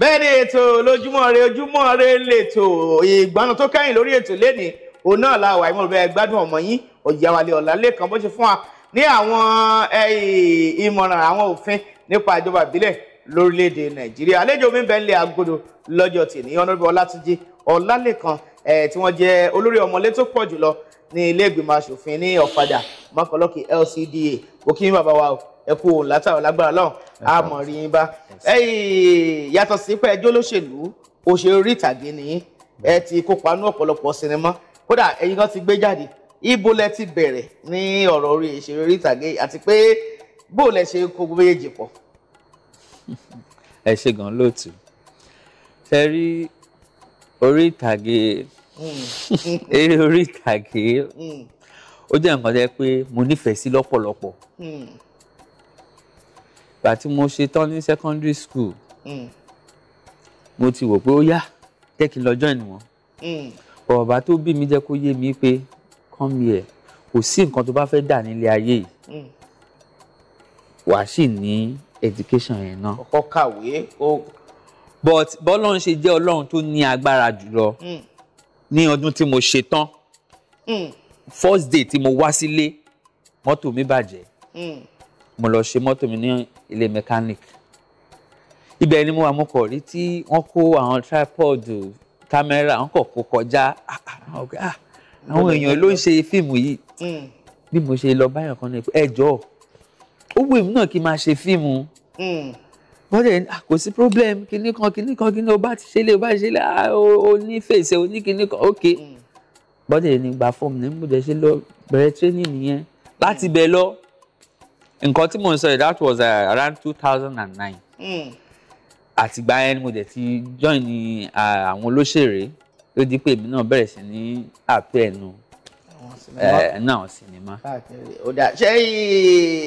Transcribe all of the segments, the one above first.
bẹ́ẹ̀ ni ètò lójúmọ́ re ojúmọ́ re lètò ìgbọ́nà tó kẹ́yìn lórí ètò lénìí òun náà la wà ìmọ̀ bẹ́ẹ̀ gbádùn ọmọ yín Ọ̀yáwálé Ọlálékan bó ṣe fún wa ní àwọn ìmọ̀ràn àwọn òfin nípa ìjọba ìbílẹ̀ lórílẹ̀‐èdè Nàìjíríà àlejò mi bẹ́ẹ̀ ń lé agodo lọ́jọ́ tèmi ọ̀nàbí Ọlátúnjí Ọlálékan tí wọ́n jẹ́ olórí ọmọlé tó pọ̀ jùlọ ní ilé ìgbìmọ̀ asòfin ní Ọ̀fadà Mọ́kọ́lọ́kì LCDA òkè bàbá wa o ẹ kú òun látàwọn lágbára lọ́hùn àmọ̀ rí yín bá yàtọ̀ sí pé ẹjọ́ lóṣèlú òṣèré orí ìtàgé ni ẹ ti kópa ní ọ̀pọ̀lọpọ̀ sinimá kódà ẹ̀yin kan ti gbé jáde ibo lẹ ti bẹ̀rẹ̀ ní ọ̀rọ̀ orí ìṣeré ìtàgé àti pé bó lẹ ṣe kó gbogbo méjèèjì pọ̀. ẹ ṣe gan lóòtú ṣe rí orí ìtàgé eré hmm. orí ìtàgé hmm. ó jẹ́ nǹkan jẹ́ pé mo nífẹ̀ẹ́ sí lọ́pọ̀lọpọ̀. Hmm ìgbà tí mo ṣe tán ní secondary school mm. mo ti wò pé ó yá jẹ́ kí n lọ mm. tó bí mi jẹ́ kó yé mi pé come here kò sí nǹkan tó bá fẹ́ dà nílé ayé yìí mm. wàá sì ní education yẹn náà. kọ́kọ́ kàwé ó. but bọ́lọ́run ṣe jẹ́ ọlọ́run tó ní agbára jùlọ ní ọdún tí mo ṣe tán first day tí mo wá sílé mọ́tò mi bàjẹ́. Mm mo lọ ṣe mọ́tò mi ní ilé mechanic ibẹ̀ ni mo wà mo kọ̀ rí tí wọ́n kó àwọn tripod kámẹ́rà wọ́n kọ̀ kó kọjá ah, ah, ah, àwọn èèyàn ló ń ṣe fíìmù yìí mm. bí mo ṣe lọ báyọ̀ kan ní ẹjọ́ ó wù mí náà kí n máa ṣe fíìmù bọ́dẹ̀ mm. kò sí problem kíní kan kíní kan kíní o bá ti ṣe lé o bá ti ṣe lé o ní fèsì o ní kíní kan ok bọ́dẹ̀ mm. ní gba fọ́ọ̀mù ní mo dẹ̀ ṣe lọ bẹ̀rẹ̀ training nìyẹn láti bẹ̀ lọ nǹkan tí mo ń sọ yìí that was uh, around two thousand and nine mm. àtìgbà yẹn ni mo dẹ̀ ti join ní uh, àwọn olóṣèré ló di pé èmi náà bẹ̀rẹ̀ sí ní àpẹ́ ẹnu náà sinimá. ó dà ṣé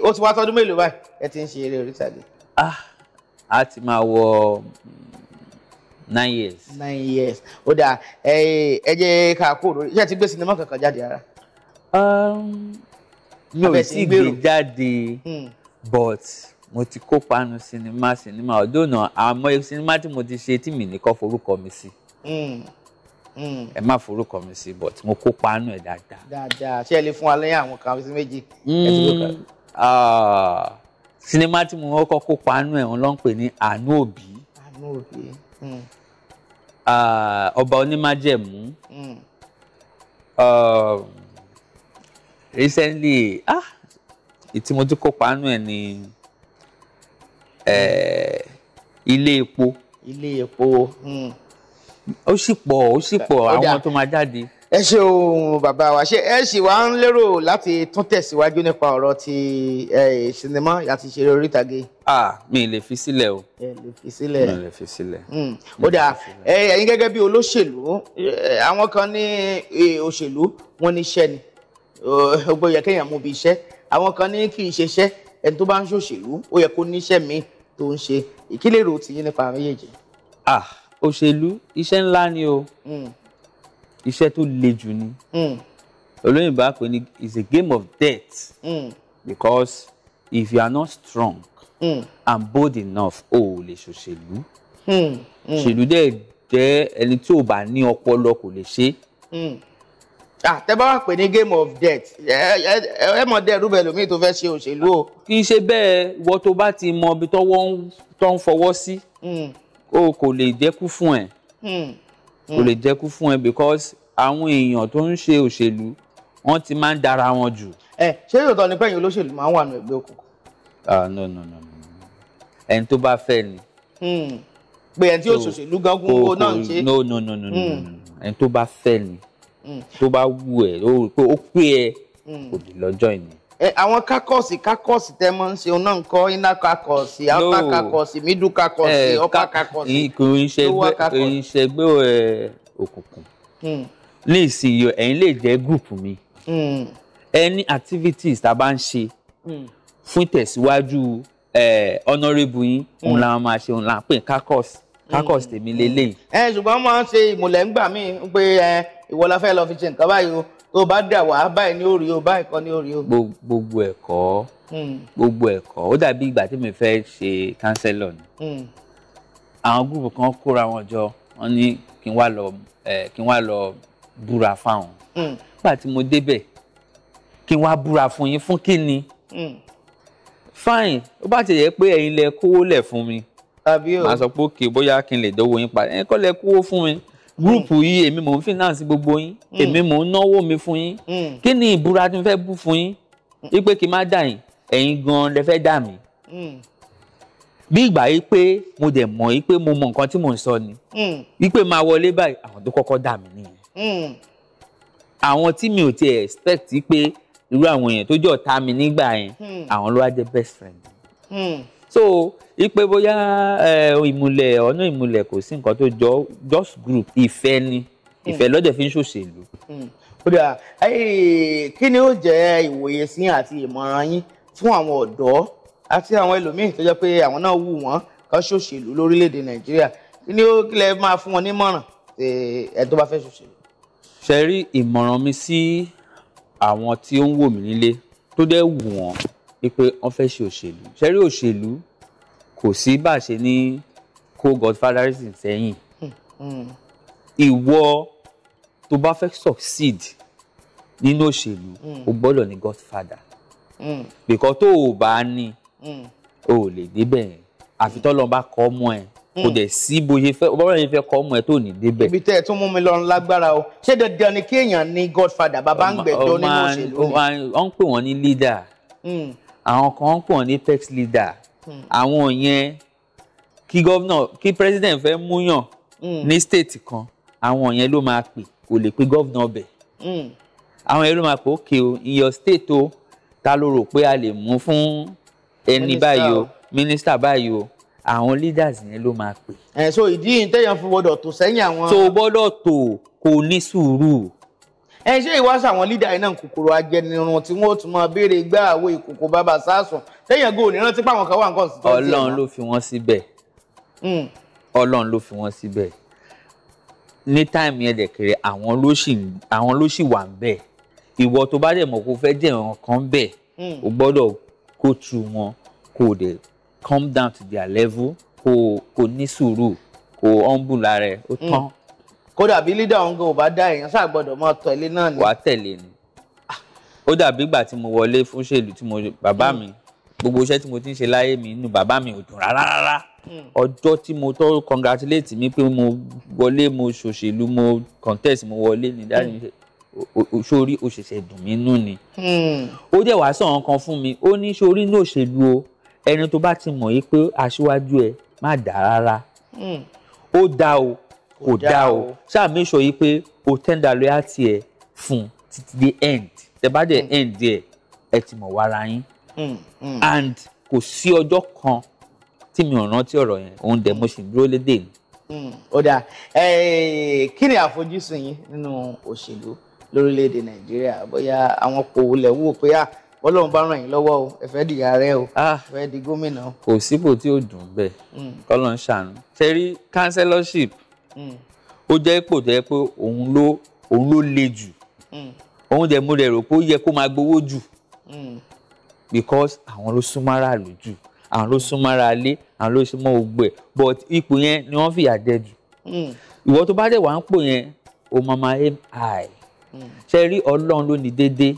ó ti wá tọdún mélòó báyìí ẹ ti ń ṣe eré orí ah, a ti máa wọ mm, nine years. nine years ó dà ẹ jẹ́ ká kó òróró ṣé ẹ ti gbé sinimá kankan jáde ara mi ò tí gbé jáde hmm. but mo ti kópa nu sinimá sinimá ọdún náà àmọye tí mo ti ṣe tí mi nìkan forúkọ mi sí hmm. Hmm. ẹ má forúkọ mi sí but mo kópa nu ẹ dáadáa. dáadáa ṣé ẹ lè fún wa lẹ́yìn àwọn kan sí méjì. Ah, sinimá tí mo kọ́kọ́ kópa nu ẹ̀ wọ́n ló ń pè ní àánú òbí. Ah, ọba onímájẹ̀mú. Mm. Uh, recently ah tí mo ti kópa nù ẹ̀ ni ilé epo. ilé epo. Hmm. ó sì pọ̀ ó sì pọ̀ àwọn tó máa jáde. ẹ ṣe ohun bàbá wa ṣe ẹ sì wá ń lérò láti tún tẹ̀síwájú nípa ọ̀rọ̀ ti sinimá àti ìṣeré orí ah mi lè fi sílẹ̀ o. ẹ lè fi sílẹ̀. mi lè fi sílẹ̀. Hmm. ó dà ẹ̀yin gẹ́gẹ́ bí olóṣèlú àwọn kan ní òṣèlú wọn ní iṣẹ́ ni. Eh, ọgbọ́n eh, yẹ kéèyàn mú iṣẹ́ àwọn kan ní kí n ṣe iṣẹ́ ẹni tó bá ń ṣòṣèlú ó yẹ kó níṣẹ́ mi tó ń ṣe ìkílẹ̀ èrò tìyín nípa méjèèjì. ah òṣèlú iṣẹ́ ńlá ni o hmm. iṣẹ́ tó le jù ni hmm. olóyìnbó á pè ní is a game of death hmm. because if you are not strong and bold enough o ò lè ṣòṣèlú ṣèlú dẹ̀ jẹ́ ẹni tí ò bá ní ọpọlọ kò lè ṣe. Ah, àtẹ́bá wà pé ní game of death ẹ mọ̀ dẹ́ rúbẹ̀ lómi tó fẹ́ ṣe òṣèlú o. kì í ṣe bẹ́ẹ̀ wọ́n tó bá ti mọ ibi tọ́wọ́ tó ń fọwọ́ sí hmm. o kò lè dẹ́kun fún ẹ hmm. kò lè dẹ́kun fún ẹ because àwọn èèyàn tó ń ṣe òṣèlú wọ́n ti máa ń dára wọn jù. ẹ ṣé yóò tọ́ ni pẹ́yìn olóṣèlú máa ń wà nù ẹgbẹ́ òkùnkùn. ah no no no ẹni tó bá fẹ́ ni. pé ẹni tí yóò ṣòṣèlú gángun owó náà ṣe. no no no no ẹni tó bá fẹ́ ni. Hmm. Mm. tó bá wù ẹ ó rí pé ó pé ẹ mm. kò lè lọ́jọ́ ìní. àwọn kákọ́ọ̀sì kákọ́ọ̀sì tẹ mọ́ ń ṣeun náà ń kọ́ iná kákọ́ọ̀sì alpha kákọ́ọ̀sì middle kákọ́ọ̀sì eh, upper kákọ́ọ̀sì lower kákọ́ọ̀sì. kò ń ṣẹgbẹ́ òkùnkùn mm. ní ìsinyìí ẹ̀yin lè jẹ́ group mi ẹni activities tá a bá ń ṣe fún ìtẹ̀síwájú honourable yín òun làwọn máa ṣe òun là ń pè kákọ́ọ̀sì kákọ́ọ̀sì tèmi lélẹ́yìn. ẹ eh, ṣùgbọ́n máa ń ṣe ìmùlẹ̀ ńgbà míì pé ìwọ la fẹ́ lọ fi ṣe nǹkan báyìí o tó bá dà wá báyìí ní orí o báyìí kọ́ ní orí o. gbogbo ẹ̀kọ́ hmm. gbogbo ẹ̀kọ́ ó dàbí ìgbà tí mi fẹ́ ṣe kánsẹ́lọ̀ ni hmm. àwọn gúrùpù kan kóra wọn jọ wọn ní kí n wá lọ búra fáwọn hmm. nígbà tí mo débẹ̀ kí n wá búra fún yín fún kí ni fine ó bá ti yẹ pé ẹ̀yin lẹ kówó lẹ̀ fún mi màá sọ pé òkè bóyá kí n lè dọ́wọ́ yín padà ẹ̀yin kọ́ lẹ kówó fún mi gúrùpù yìí èmi mò ń finance gbogbo yín mm. èmi mò ń náwó mi fún yín mm. kí ni ìbúra tí mo fẹ́ bú fún yín mm. wípé kí n má dà yín ẹ̀yin gan-an lẹ fẹ́ dà mí bí ìgbà yìí pé mo dẹ̀ mọ̀ yìí pé mo mọ nǹkan tí mò ń sọ ni wípé máa wọlé báyìí àwọn tó kọ́kọ́ dà mí nìyẹn àwọn tí mi ò ti expect pé irú àwọn èèyàn tó jọ ta mi nígbà yẹn àwọn ló wá jẹ́ best friend so ipe bóyá eh, ìmùlẹ̀ ọ̀nà ìmùlẹ̀ kò sí nǹkan tó jọ just group ìfẹ́ ni hmm. ìfẹ́ lọ́dẹ̀ fi ń ṣòṣèlú. Hmm. ó dà eh, kí ni ó jẹ́ ìwòye sí àti ìmọ̀ràn yín fún àwọn ọ̀dọ́ àti àwọn ẹlòmíín tó jẹ́ pé àwọn náà wù wọ́n kan ṣòṣèlú lórílẹ̀‐èdè nàìjíríà kí ni ó kílẹ̀ máa fún wọn nímọ̀ràn eh, ẹ tó bá fẹ́ ṣòṣèlú. ṣe rí ìmọ̀ràn mi sí àwọn tí ó ń wò mí nílé tó dẹ̀ wù wọ́n wípé wọ́n fẹ́ ṣe òṣèlú ṣẹ́rí òṣèlú kò sí bá a ṣe ní kó godfatherism sẹ́yìn ìwọ tó bá fẹ́ succeed nínú òṣèlú o gbọ́dọ̀ ní godfather because tó o bá ní o ò lè débẹ̀ yẹn àfi tọ́lọ́ bá kọ́ mọ́ ẹ kò dẹ̀ sí bóyá fẹ́ bọ́lá yẹn fẹ́ kọ́ ọmọ ẹ tó ní débẹ̀. ibi tẹ́ ẹ tún mú mi lọ lágbára o ṣé dandan ni kéèyàn ní godfather bàbá ń gbẹ̀jọ́ nínú òṣèlú ni. wọ́n ń pè wọ́n ní leader hmm àwọn kan ń pọ̀ ní pex leader hmm. àwọn yẹn kí gọ́vnà kí president fẹ́ múyàn hmm. ní state kan àwọn yẹn ló máa pè kò lè pe gọ́vnà ọbẹ̀ hmm. àwọn yẹn ló máa pè ó kè o state o ta ló rò pé a lè mú fún ẹni báyìí o minister báyìí o àwọn leaders yẹn ló máa pè. ẹ eh, so ìdí yìí tẹ̀yàn fún gbọ́dọ̀ tó sẹ́yìn àwọn. tó gbọ́dọ̀ tó kò ní sùúrù ẹ ṣé ìwáṣà àwọn lídà iná kòkòrò ajẹnirun tí wọn ó tún máa béèrè gbá àwo ìkòkò bàbá sásùn sẹ́yìn ẹgbẹ́ òní rántí páwọn kan wà nǹkan sí. Hmm. Ọlọ́run ló fi wọn síbẹ̀ Ọlọ́run ló fi wọn síbẹ̀ ní táìmù yẹn dẹkẹrẹ àwọn ló sì wà ń ìwọ tó bá dẹ̀ mọ̀ kó fẹ́ jẹ ìwọn kan bẹ̀ hmm. o gbọ́dọ̀ kó tu wọn kó o come down to their level kó o ní sùúrù kó humble lára ẹ ó tán. Mm kódà bí lídà òun gan ò bá dá èèyàn sáà gbọ́dọ̀ máa tẹ̀lé náà ni. wà á tẹ̀lé ni ó dàbí ìgbà tí mo wọlé fún ṣèlú tí mo bàbá mi gbogbo iṣẹ́ tí mo ti ń ṣe láyé mi inú bàbá mi ò dùn rárá rárá hmm. ọjọ́ tí mo tọ́ congratulate mi pé mo wọlé mo ṣòṣèlú mo contest mo wọlé ni dájú sórí òṣèṣẹ́ dùn mí nú ni. Hmm. ó dẹ̀ wá sọ̀rọ̀ kan fún mi ó ní sórí ní òṣèlú o ẹni tó bá ti mọ̀ yìí pé aṣíwájú ẹ má dà rárá hmm. ó dá o kò da o ṣáà make sure yìí pé o tender loyalty ẹ fún títí dé end tẹ bá dé hmm. end díẹ̀ ẹ ti mọ̀ wára yín hmm, hmm. and kò sí ọjọ́ kan tí mi ò rántí ọ̀rọ̀ yẹn òun dẹ̀ mo sì dúró lédè mi. ó dáa kí ni àfojúsùn yín nínú òṣèlú lórílẹ̀‐èdè nàìjíríà bóyá àwọn kò wulẹ̀ wò pé à ah, ọlọ́run bá ràn yín lọ́wọ́ o ẹ fẹ́ di ààrẹ o ah. ẹ fẹ́ di gómìnà o. kò sípò tí ò dùn bẹ́ẹ̀ kọ́lọ́n ṣàánú. tẹ́rí councillorship ó jẹ́ ipò tó yẹ pé òun ló òun ló le jù òun dẹ̀ mo dẹ̀ rò pé ó yẹ kó máa gbowó jù because àwọn ló súnmọ́ aráàlú jù àwọn ló súnmọ́ aráalé àwọn ló súnmọ́ gbogbo ẹ̀ but ipò yẹn ni wọ́n fìyà jẹ jù ìwọ tó bá dẹ̀ wà ń pò yẹn o máa máa aim high ṣe rí ọlọ́run ló ní dédé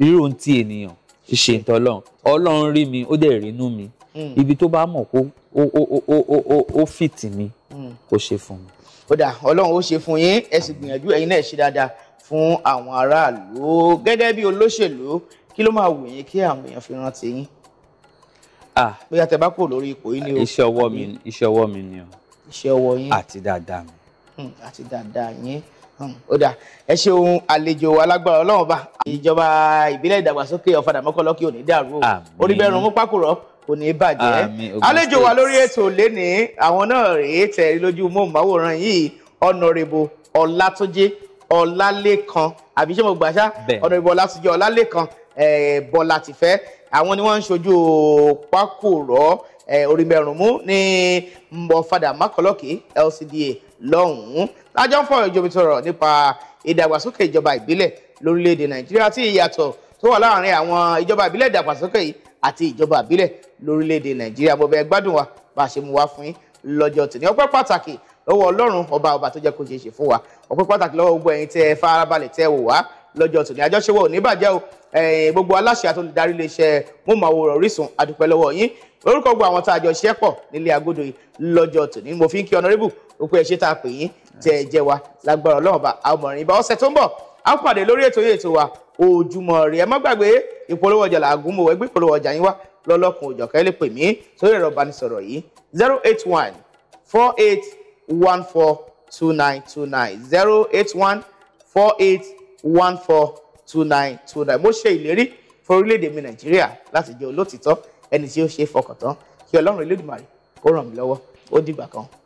rírò ti ènìyàn ṣiṣẹ́ ìtọ́lọ́run ọlọ́run rí mi ó dẹ̀ rí inú mi. Mm. Mm. ibi tó bá mọ̀ kó ó ó ó ó ó fìtì mi kó mm. ṣe fún mi. ó dà ọlọ́run ó ṣe fún yín ẹ sì gbìyànjú ẹ̀yin náà ṣe dáadáa fún àwọn aráàlú gẹ́gẹ́ bí olóṣèlú kí ló máa wù yín kí àwọn èèyàn fi rántí yín. Ah. bóyá tẹ bá kò lórí ipò yín ni o. iṣẹ́ ọwọ́ mi iṣẹ́ ọwọ́ mi ni o. iṣẹ́ ọwọ́ yín. àti dáadáa mi. Hmm, àti dáadáa yín hmm, ó dà ẹ ṣeun àlejò alágbára ọlọ́run bá ìjọba ìbílẹ̀ ìdàgbàsókè ọ̀fadà mọ́kànlọ́kì ò ní dàrú o orí bẹ́ẹ̀ rún mú pákó rọ́pù kò ní í bàjẹ́ àlejò wa lórí ètò lẹ́ni àwọn náà rèé tẹ̀rí lójú móhùnmáwòrán yìí ọ̀nàrẹ́bù ọ̀làtúnjì ọ̀làlẹ́kan àbí ṣé mo gbà ọ̀nàrẹ́bù ọ̀làtúnjì ọ̀làlẹ́kan bọ́lá tìfẹ́ àwọn ni wọ́n ń ṣojú pákòrọ́ orí mẹ́rùnmú ní mbọ̀fadà mákọ́lọ́kì LCDA lọ́hùn-ún lájọ́ ń fọ̀rọ̀ ìjọba ìtọ̀rọ̀ nípa ìdàgbàsókè ìjọba ìbílẹ̀ lórílẹ̀‐èdè Nàìjíríà àti ìyàtọ̀ tó wà láàárín àwọn ìjọba ìbílẹ̀ ìdàgbàsókè àti ìjọba ìbílẹ̀ lórílẹ̀‐èdè nàìjíríà bọ̀bẹ̀ ẹ gbádùn wa bá a ṣe mú wa fún yín lọ́jọ́ tòní ọpẹ́ pàtàkì lọ́wọ́ ọlọ́run ọba ọba tó jẹ́ kó ṣe é ṣe fún wa ọpẹ́ pàtàkì lọ́wọ́ gbogbo ẹ̀yin tẹ́ ẹ farabalẹ̀ tẹ́ ẹ wò wá lọ́jọ́ tòní àjọṣepọ̀ ò ní bàjẹ́ o gbogbo aláṣẹ àtolùdarí iléeṣẹ́ móhùnmáwòrán Orísun àdúpẹ́ lọ́wọ́ yín orúkọ gbogbo àwọn tá a jọ ṣiṣẹ́ pọ̀ nílé agodo yìí lọ́jọ́ tòní mo fi ń kí ọ̀nàrẹ́bù ó pé tá a pè yín tẹ́ ẹ jẹ́ wa lágbára ọlọ́run bá àmọ̀rin ìbá ọ̀sẹ̀ tó ń bọ̀ á pàdé lórí ètò yìí ètò wa Ojúmọ́ Ire ẹ má ìpolówó ọjà làágùn mọ̀ ẹgbẹ́ ìpolówó ọjà yín wá lọ́lọ́kùn òjọ̀kẹ́ ẹ lè pè mí sórí ẹ̀rọ ìbánisọ̀rọ̀ yìí zero eight one four eight one four two nine two nine zero eight one four eight one four two nine two nine mo ṣe ìlérí fún orílẹ̀-èdè mi nàìjíríà láti jẹ́ olótìtọ́ ẹni tí ó ṣe é fọkàn tán kí ọlọ́run elédùmarè kó ràn mí lọ́wọ́ ó dìgbà kan